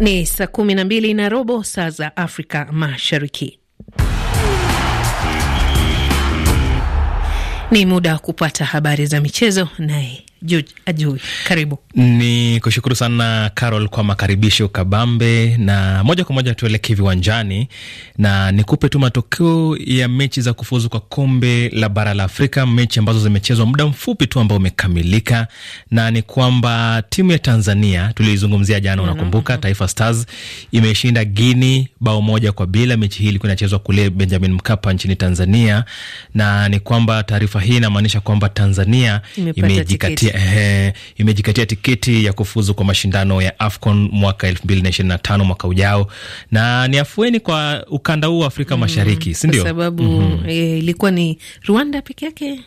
Ni saa kumi na mbili na robo saa za Afrika Mashariki. Ni muda wa kupata habari za michezo naye George karibu. Ni kushukuru sana Carol kwa makaribisho kabambe, na moja kwa moja tuelekee viwanjani na nikupe tu matokeo ya mechi za kufuzu kwa kombe la bara la Afrika, mechi ambazo zimechezwa muda mfupi tu ambao umekamilika, na ni kwamba timu ya Tanzania tuliizungumzia jana, unakumbuka, mm-hmm. Taifa Stars imeshinda Guini bao moja kwa bila. Mechi hii ilikuwa inachezwa kule Benjamin Mkapa nchini Tanzania, na ni kwamba taarifa hii inamaanisha kwamba Tanzania imejikatia imejikatia tiketi ya kufuzu kwa mashindano ya AFCON mwaka 2025 mwaka ujao, na ni afueni kwa ukanda huu wa Afrika mm, Mashariki, si ndio? Sababu mm -hmm. e, ilikuwa ni Rwanda peke yake,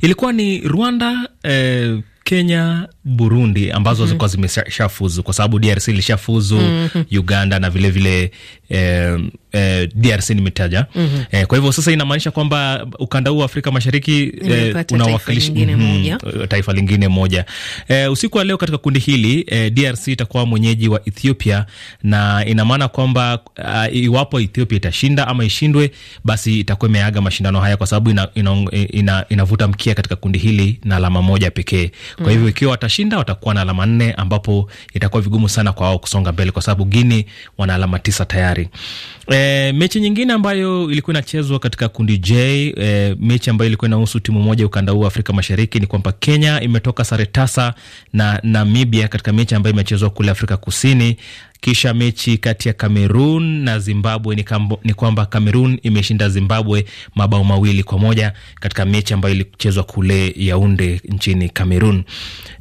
ilikuwa ni Rwanda e, Kenya, Burundi ambazo mm -hmm. zilikuwa zimeshafuzu kwa sababu DRC ilishafuzu mm -hmm. Uganda na vilevile eh, eh, DRC nimetaja mm -hmm. eh, kwa hivyo sasa inamaanisha kwamba ukanda huu wa Afrika Mashariki eh, unawakilisha taifa, mm -hmm, taifa lingine moja eh, usiku wa leo katika kundi hili eh, DRC itakuwa mwenyeji wa Ethiopia na ina maana kwamba uh, iwapo Ethiopia itashinda ama ishindwe, basi itakuwa imeaga mashindano haya kwa sababu inavuta ina, ina, ina mkia katika kundi hili na alama moja pekee. Kwa hivyo mm -hmm. ikiwa watashinda watakuwa na alama nne, ambapo itakuwa vigumu sana kwa wao kusonga mbele kwa sababu Guinea wana alama tisa tayari tayari. E, eh, mechi nyingine ambayo ilikuwa inachezwa katika kundi J, e, mechi ambayo ilikuwa inahusu timu moja ukanda huu Afrika Mashariki ni kwamba Kenya imetoka sare tasa na Namibia katika mechi ambayo imechezwa kule Afrika Kusini. Kisha mechi kati ya Cameroon na Zimbabwe ni, kambo, ni kwamba Cameroon imeshinda Zimbabwe mabao mawili kwa moja katika mechi ambayo ilichezwa kule Yaunde nchini Cameroon.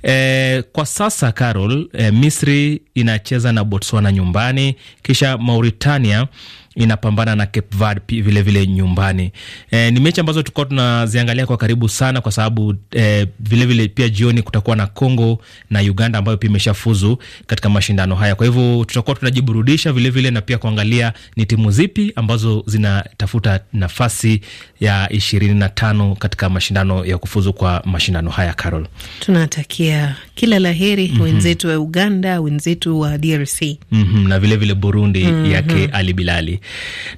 E, kwa sasa Carol, e, Misri inacheza na Botswana nyumbani, kisha Mauritania inapambana na Cape Verde vile vile nyumbani. E, ni mechi ambazo tulikuwa tunaziangalia kwa karibu sana kwa sababu e, vile vile pia jioni kutakuwa na Congo na Uganda ambayo pia imeshafuzu katika mashindano haya. Kwa hivyo tutakuwa tunajiburudisha vile vile na pia kuangalia ni timu zipi ambazo zinatafuta nafasi ya ishirini na tano katika mashindano ya kufuzu kwa mashindano haya. Carol, tunatakia kila laheri mm -hmm. wenzetu wa Uganda, wenzetu wa DRC mm -hmm. na vilevile vile Burundi mm -hmm. yake Ali Bilali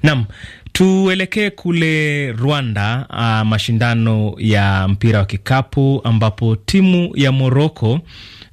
nam tuelekee kule Rwanda, a, ah, mashindano ya mpira wa kikapu ambapo timu ya Moroko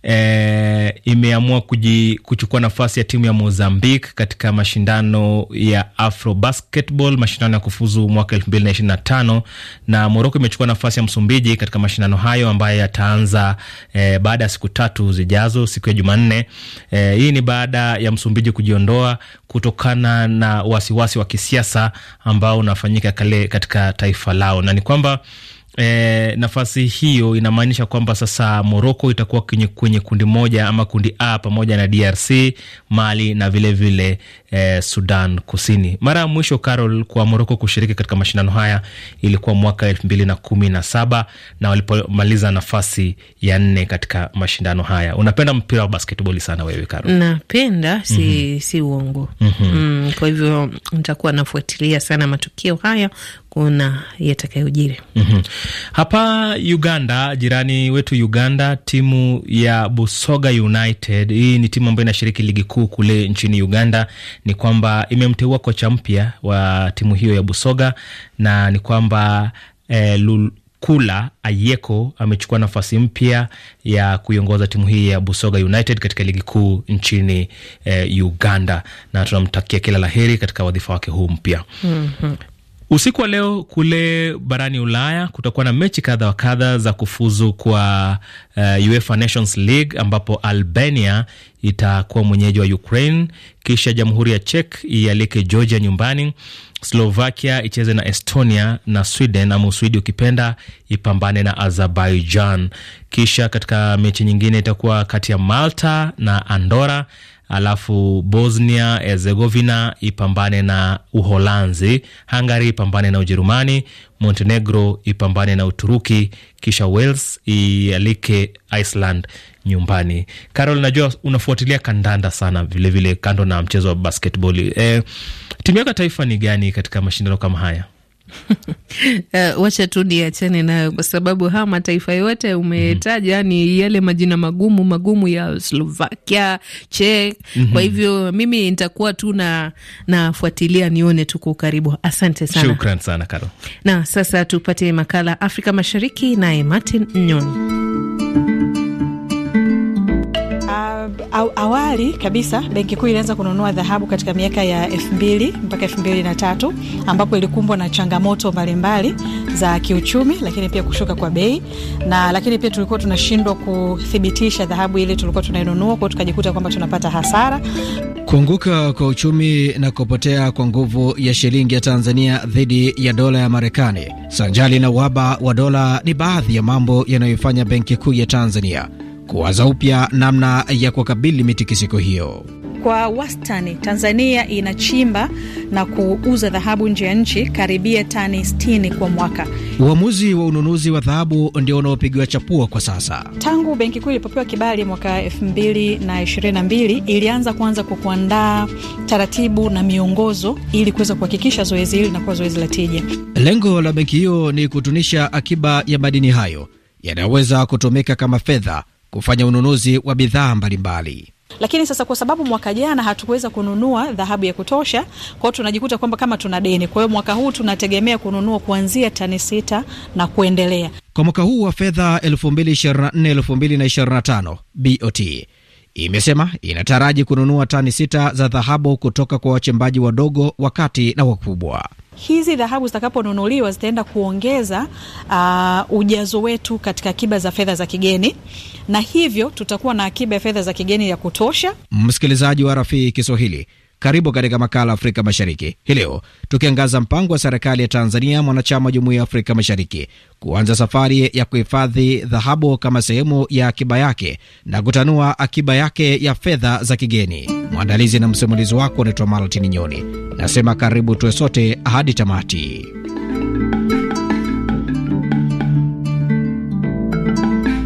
e, imeamua kuji, kuchukua nafasi ya timu ya Mozambique katika mashindano ya Afro Basketball, mashindano ya kufuzu mwaka elfu mbili na ishirini na tano na Moroko imechukua nafasi ya Msumbiji katika mashindano hayo ambayo yataanza e, baada ya siku tatu zijazo, siku ya Jumanne. E, hii ni baada ya Msumbiji kujiondoa kutokana na wasiwasi wa kisiasa ambao unafanyika kale katika taifa lao, na ni kwamba E, nafasi hiyo inamaanisha kwamba sasa Moroko itakuwa kwenye, kwenye kundi moja ama kundi A pamoja na DRC, Mali na vilevile vile, e, Sudan Kusini. Mara ya mwisho Carol, kwa Moroko kushiriki katika mashindano haya ilikuwa mwaka elfu mbili na kumi na saba na walipomaliza nafasi ya nne katika mashindano haya. Unapenda mpira wa basketball sana wewe Carol? Napenda, si, mm -hmm. si uongo mm -hmm. mm, kwa hivyo nitakuwa nafuatilia sana matukio haya kuona yatakayojiri. mm -hmm. Hapa Uganda, jirani wetu Uganda, timu ya Busoga United, hii ni timu ambayo inashiriki ligi kuu kule nchini Uganda, ni kwamba imemteua kocha mpya wa timu hiyo ya Busoga na ni kwamba eh, Kula Ayeko amechukua nafasi mpya ya kuiongoza timu hii ya Busoga United katika ligi kuu nchini eh, Uganda, na tunamtakia kila la heri katika wadhifa wake huu mpya. mm -hmm. Usiku wa leo kule barani Ulaya kutakuwa na mechi kadha wa kadha za kufuzu kwa uh, UEFA Nations League ambapo Albania itakuwa mwenyeji wa Ukraine, kisha jamhuri ya Czech ialike Georgia nyumbani, Slovakia icheze na Estonia na Sweden ama Uswidi ukipenda ipambane na Azerbaijan. Kisha katika mechi nyingine itakuwa kati ya Malta na Andora alafu Bosnia Herzegovina ipambane na Uholanzi, Hungary ipambane na Ujerumani, Montenegro ipambane na Uturuki, kisha Wales ialike Iceland nyumbani. Carol, najua unafuatilia kandanda sana vilevile vile, kando na mchezo wa basketball. E, timu yako ya taifa ni gani katika mashindano kama haya? Uh, wacha tu niachane nayo kwa sababu haya mataifa yote umetaja ni yale majina magumu magumu ya Slovakia, Czech. Mm -hmm. Kwa mhm. hivyo mimi nitakuwa tu na nafuatilia nione tu kwa ukaribu. Asante sana. Shukran sana Karo. Na sasa tupate makala Afrika Mashariki naye Martin Nyoni. awali kabisa benki kuu ilianza kununua dhahabu katika miaka ya elfu mpaka elfu tatu ambapo ilikumbwa na changamoto mbalimbali za kiuchumi, lakini pia kushuka kwa bei na lakini pia tulikuwa tunashindwa kuthibitisha dhahabu ile tulikuwa tunainunua, kwao tukajikuta kwamba tunapata hasara. Kuanguka kwa uchumi na kupotea kwa nguvu ya shilingi ya Tanzania dhidi ya dola ya Marekani sanjali na uhaba wa dola ni baadhi ya mambo yanayoifanya benki kuu ya Tanzania kuwaza upya namna ya kukabili mitikisiko hiyo. Kwa wastani Tanzania inachimba na kuuza dhahabu nje ya nchi karibia tani 60 kwa mwaka. Uamuzi wa ununuzi wa dhahabu ndio unaopigiwa chapua kwa sasa. Tangu Benki Kuu ilipopewa kibali mwaka 2022 ilianza kuanza kwa kuandaa taratibu na miongozo ili kuweza kuhakikisha zoezi hili linakuwa zoezi la tija. Lengo la benki hiyo ni kutunisha akiba ya madini hayo yanayoweza kutumika kama fedha kufanya ununuzi wa bidhaa mbalimbali. Lakini sasa kwa sababu mwaka jana hatukuweza kununua dhahabu ya kutosha, kwao tunajikuta kwamba kama tuna deni. Kwa hiyo mwaka huu tunategemea kununua kuanzia tani sita na kuendelea. Kwa mwaka huu wa fedha 2024/2025 BOT imesema inataraji kununua tani sita za dhahabu kutoka kwa wachimbaji wadogo wakati na wakubwa. Hizi dhahabu zitakaponunuliwa zitaenda kuongeza uh, ujazo wetu katika akiba za fedha za kigeni, na hivyo tutakuwa na akiba ya fedha za kigeni ya kutosha. Msikilizaji wa Rafii Kiswahili karibu katika makala Afrika Mashariki hii leo, tukiangaza mpango wa serikali ya Tanzania mwanachama jumuiya ya Afrika Mashariki kuanza safari ya kuhifadhi dhahabu kama sehemu ya akiba yake na kutanua akiba yake ya fedha za kigeni. Mwandalizi na msimulizi wako unaitwa malatini Nyoni, nasema karibu tuwe sote hadi tamati.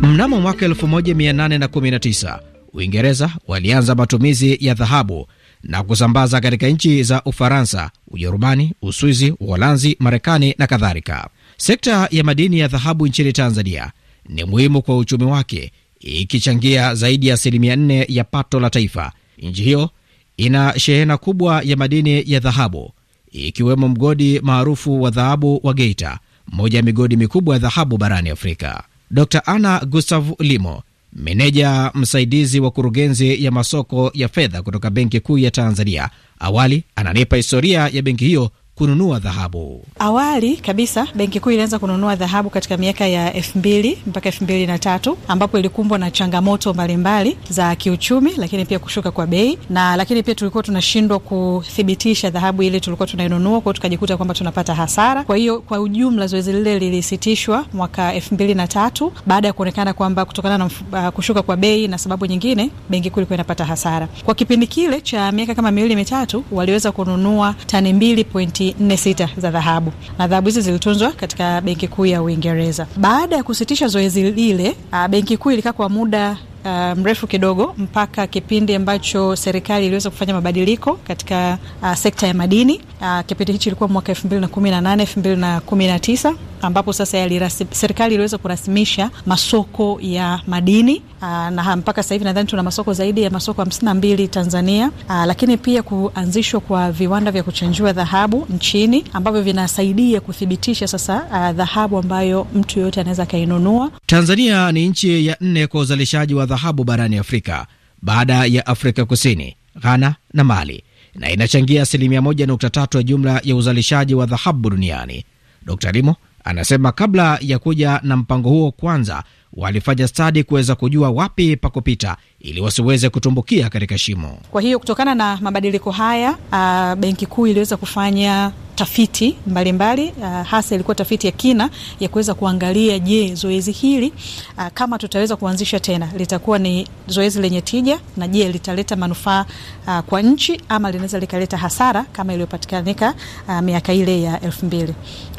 Mnamo mwaka 1819 Uingereza walianza matumizi ya dhahabu na kusambaza katika nchi za Ufaransa, Ujerumani, Uswizi, Uholanzi, Marekani na kadhalika. Sekta ya madini ya dhahabu nchini Tanzania ni muhimu kwa uchumi wake, ikichangia zaidi ya asilimia nne ya pato la taifa. Nchi hiyo ina shehena kubwa ya madini ya dhahabu ikiwemo mgodi maarufu wa dhahabu wa Geita, mmoja ya migodi mikubwa ya dhahabu barani Afrika. Dr Anna Gustav Limo Meneja msaidizi wa kurugenzi ya masoko ya fedha kutoka Benki Kuu ya Tanzania. Awali ananipa historia ya benki hiyo kununua dhahabu. Awali kabisa Benki Kuu ilianza kununua dhahabu katika miaka ya elfu mbili mpaka elfu mbili na tatu ambapo ilikumbwa na changamoto mbalimbali za kiuchumi, lakini pia kushuka kwa bei na lakini pia tulikuwa tunashindwa kuthibitisha dhahabu ile tulikuwa tunainunua kwao, tukajikuta kwamba tunapata hasara. Kwa hiyo kwa ujumla zoezi lile lilisitishwa mwaka elfu mbili na tatu baada ya kuonekana kwamba kutokana na uh, kushuka kwa bei na sababu nyingine, benki kuu ilikuwa inapata hasara. Kwa kipindi kile cha miaka kama miwili mitatu, waliweza kununua tani mbili pointi laki nne sita za dhahabu, na dhahabu hizi zilitunzwa katika Benki Kuu ya Uingereza. Baada ya kusitisha zoezi lile, ah, benki kuu ilikaa kwa muda uh, mrefu kidogo mpaka kipindi ambacho serikali iliweza kufanya mabadiliko katika uh, sekta ya madini uh, kipindi hichi ilikuwa mwaka elfu elfu mbili mbili na na na kumi kumi nane na tisa ambapo sasa yalirasi, serikali iliweza kurasimisha masoko ya madini aa, uh, na mpaka sasa hivi nadhani tuna masoko zaidi ya masoko hamsini na mbili Tanzania aa, uh, lakini pia kuanzishwa kwa viwanda vya kuchanjua dhahabu nchini ambavyo vinasaidia kuthibitisha sasa uh, dhahabu ambayo mtu yoyote anaweza akainunua. Tanzania ni nchi ya nne kwa uzalishaji wa dhahabu dhahabu barani Afrika baada ya Afrika Kusini, Ghana na Mali, na inachangia asilimia 1.3 ya jumla ya uzalishaji wa dhahabu duniani. Dr Rimo anasema kabla ya kuja na mpango huo, kwanza walifanya stadi kuweza kujua wapi pa kupita ili wasiweze kutumbukia katika shimo. Kwa hiyo kutokana na mabadiliko haya, uh, benki kuu iliweza kufanya tafiti mbalimbali mbali. Uh, hasa ilikuwa tafiti ya kina ya kuweza kuangalia, je, zoezi hili uh, kama tutaweza kuanzisha tena litakuwa ni zoezi lenye tija na je litaleta manufaa uh, kwa nchi ama linaweza likaleta hasara kama iliyopatikanika uh, miaka ile ya elfu mbili.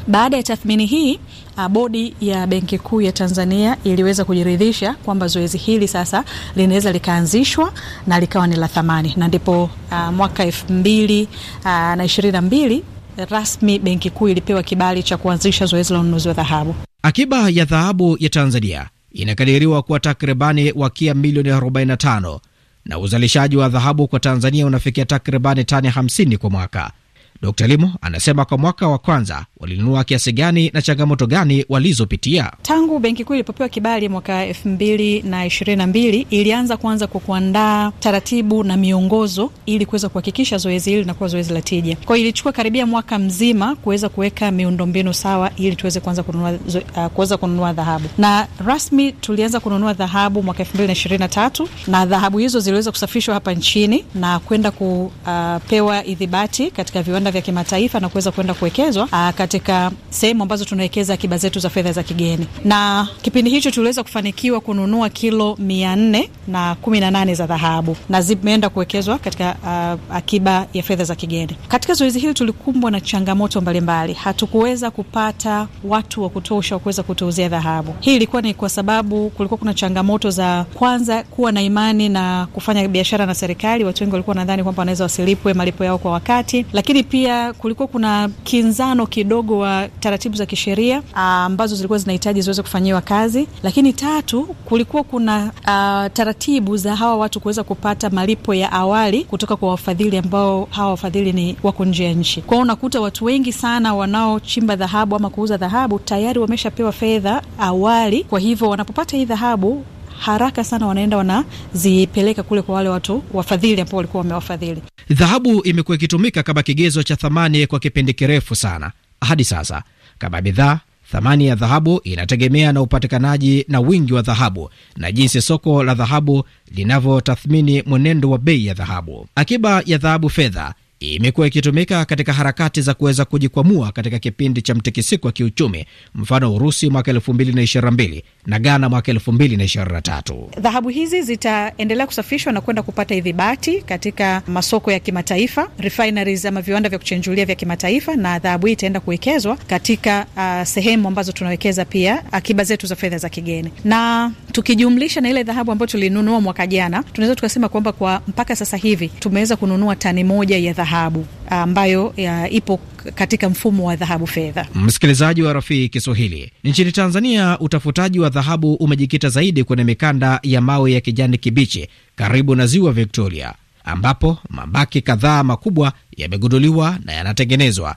Baada ya tathmini hii uh, bodi ya Benki Kuu ya Tanzania iliweza kujiridhisha kwamba zoezi hili sasa linaweza likaanzishwa na likawa ni la thamani na ndipo uh, mwaka elfu mbili uh, na ishirini na mbili rasmi Benki Kuu ilipewa kibali cha kuanzisha zoezi la ununuzi wa dhahabu. Akiba ya dhahabu ya Tanzania inakadiriwa kuwa takribani wakia milioni 45 na uzalishaji wa dhahabu kwa Tanzania unafikia takribani tani 50 kwa mwaka. Dkt Limo anasema kwa mwaka wa kwanza walinunua kiasi gani na changamoto gani walizopitia. Tangu Benki Kuu ilipopewa kibali mwaka elfu mbili na ishirini na mbili ilianza kwanza kwa kuandaa taratibu na miongozo ili kuweza kuhakikisha zoezi hili linakuwa zoezi la tija. Kwa hiyo ilichukua karibia mwaka mzima kuweza kuweka miundombinu sawa ili tuweze kuanza kununua, uh, kuweza kununua dhahabu na rasmi tulianza kununua dhahabu mwaka elfu mbili na ishirini na tatu na dhahabu hizo ziliweza kusafishwa hapa nchini na kwenda kupewa uh, idhibati katika viwanda viwanda vya kimataifa na kuweza kwenda kuwekezwa ah, katika sehemu ambazo tunawekeza akiba zetu za fedha za kigeni, na kipindi hicho tuliweza kufanikiwa kununua kilo mia nne na kumi na nane za dhahabu na zimeenda kuwekezwa katika uh, akiba ya fedha za kigeni. Katika zoezi hili tulikumbwa na changamoto mbalimbali, hatukuweza kupata watu wa kutosha wa kuweza kutuuzia dhahabu. Hii ilikuwa ni kwa sababu kulikuwa kuna changamoto za kwanza kuwa na imani na kufanya biashara na serikali. Watu wengi walikuwa nadhani kwamba wanaweza wasilipwe malipo yao kwa wakati, lakini pia pia kulikuwa kuna kinzano kidogo wa taratibu za kisheria ah, ambazo zilikuwa zinahitaji ziweze kufanyiwa kazi, lakini tatu, kulikuwa kuna a, ah, taratibu za hawa watu kuweza kupata malipo ya awali kutoka kwa wafadhili ambao hawa wafadhili ni wako nje ya nchi. Kwao unakuta watu wengi sana wanaochimba dhahabu ama kuuza dhahabu tayari wameshapewa fedha awali, kwa hivyo wanapopata hii dhahabu haraka sana wanaenda wanazipeleka kule kwa wale watu wafadhili ambao walikuwa wamewafadhili. Dhahabu imekuwa ikitumika kama kigezo cha thamani kwa kipindi kirefu sana hadi sasa kama bidhaa. Thamani ya dhahabu inategemea na upatikanaji na wingi wa dhahabu na jinsi soko la dhahabu linavyotathmini mwenendo wa bei ya dhahabu. Akiba ya dhahabu fedha imekuwa ikitumika katika harakati za kuweza kujikwamua katika kipindi cha mtikisiko wa kiuchumi, mfano Urusi mwaka 2022 na Ghana mwaka 2023. Dhahabu hizi zitaendelea kusafishwa na kwenda kupata idhibati katika masoko ya kimataifa, refineries ama viwanda vya kuchenjulia vya kimataifa, na dhahabu hii itaenda kuwekezwa katika uh, sehemu ambazo tunawekeza pia uh, akiba zetu za fedha za kigeni, na tukijumlisha na ile dhahabu ambayo tulinunua mwaka jana, tunaweza tukasema kwamba kwa mpaka sasa hivi tumeweza kununua tani moja ya dhahabu dhahabu ambayo ya ipo katika mfumo wa dhahabu fedha. Msikilizaji wa rafiki Kiswahili, nchini Tanzania utafutaji wa dhahabu umejikita zaidi kwenye mikanda ya mawe ya kijani kibichi karibu na ziwa Victoria, ambapo mabaki kadhaa makubwa yamegunduliwa na yanatengenezwa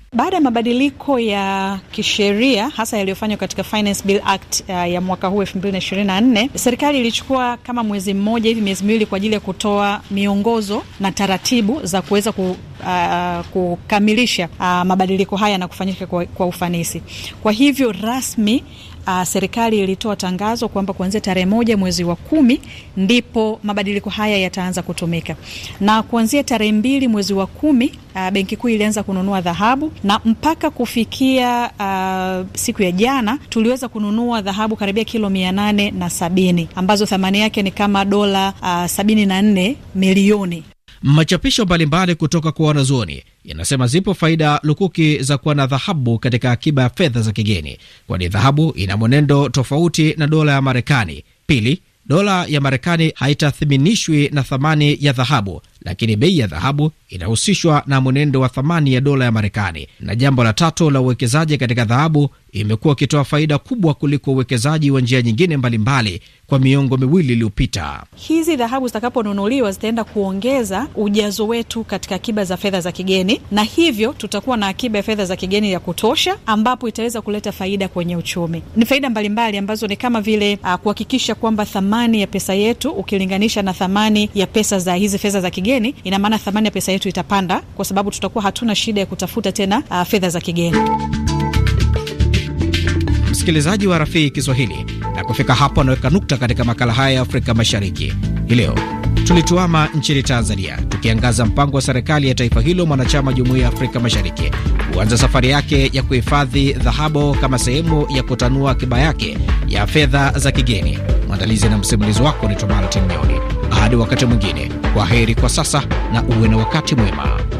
Baada ya mabadiliko ya kisheria hasa yaliyofanywa katika Finance Bill Act uh, ya mwaka huu 2024, serikali ilichukua kama mwezi mmoja hivi, miezi miwili kwa ajili ya kutoa miongozo na taratibu za kuweza ku, uh, kukamilisha uh, mabadiliko haya na kufanyika kwa, kwa ufanisi. Kwa hivyo rasmi uh, serikali ilitoa tangazo kwamba kuanzia tarehe moja mwezi wa kumi ndipo mabadiliko haya yataanza kutumika, na kuanzia tarehe mbili mwezi wa kumi uh, benki kuu ilianza kununua dhahabu na mpaka kufikia uh, siku ya jana tuliweza kununua dhahabu karibia kilo mia nane na sabini ambazo thamani yake ni kama dola uh, sabini na nne milioni Machapisho mbalimbali kutoka kwa wanazuoni yanasema zipo faida lukuki za kuwa na dhahabu katika akiba ya fedha za kigeni, kwani dhahabu ina mwenendo tofauti na dola ya Marekani. Pili, dola ya Marekani haitathiminishwi na thamani ya dhahabu, lakini bei ya dhahabu inahusishwa na mwenendo wa thamani ya dola ya Marekani. Na jambo la tatu la uwekezaji katika dhahabu imekuwa ikitoa faida kubwa kuliko uwekezaji wa njia nyingine mbalimbali mbali kwa miongo miwili iliyopita. Hizi dhahabu zitakaponunuliwa zitaenda kuongeza ujazo wetu katika akiba za fedha za kigeni, na hivyo tutakuwa na akiba ya fedha za kigeni ya kutosha, ambapo itaweza kuleta faida kwenye uchumi. Ni faida mbalimbali mbali ambazo ni kama vile uh, kuhakikisha kwamba thamani ya pesa yetu ukilinganisha na thamani ya pesa za hizi fedha za kigeni, ina maana thamani ya pesa yetu itapanda, kwa sababu tutakuwa hatuna shida ya kutafuta tena uh, fedha za kigeni msikilizaji wa Rafii Kiswahili, na kufika hapo anaweka nukta katika makala haya ya Afrika Mashariki hii leo. Tulituama nchini Tanzania tukiangaza mpango wa serikali ya taifa hilo mwanachama jumuiya ya Afrika Mashariki kuanza safari yake ya kuhifadhi dhahabu kama sehemu ya kutanua akiba yake ya fedha za kigeni. Mwandalizi na msimulizi wako ni Tomartin Nyoni. Hadi wakati mwingine, kwa heri kwa sasa na uwe na wakati mwema.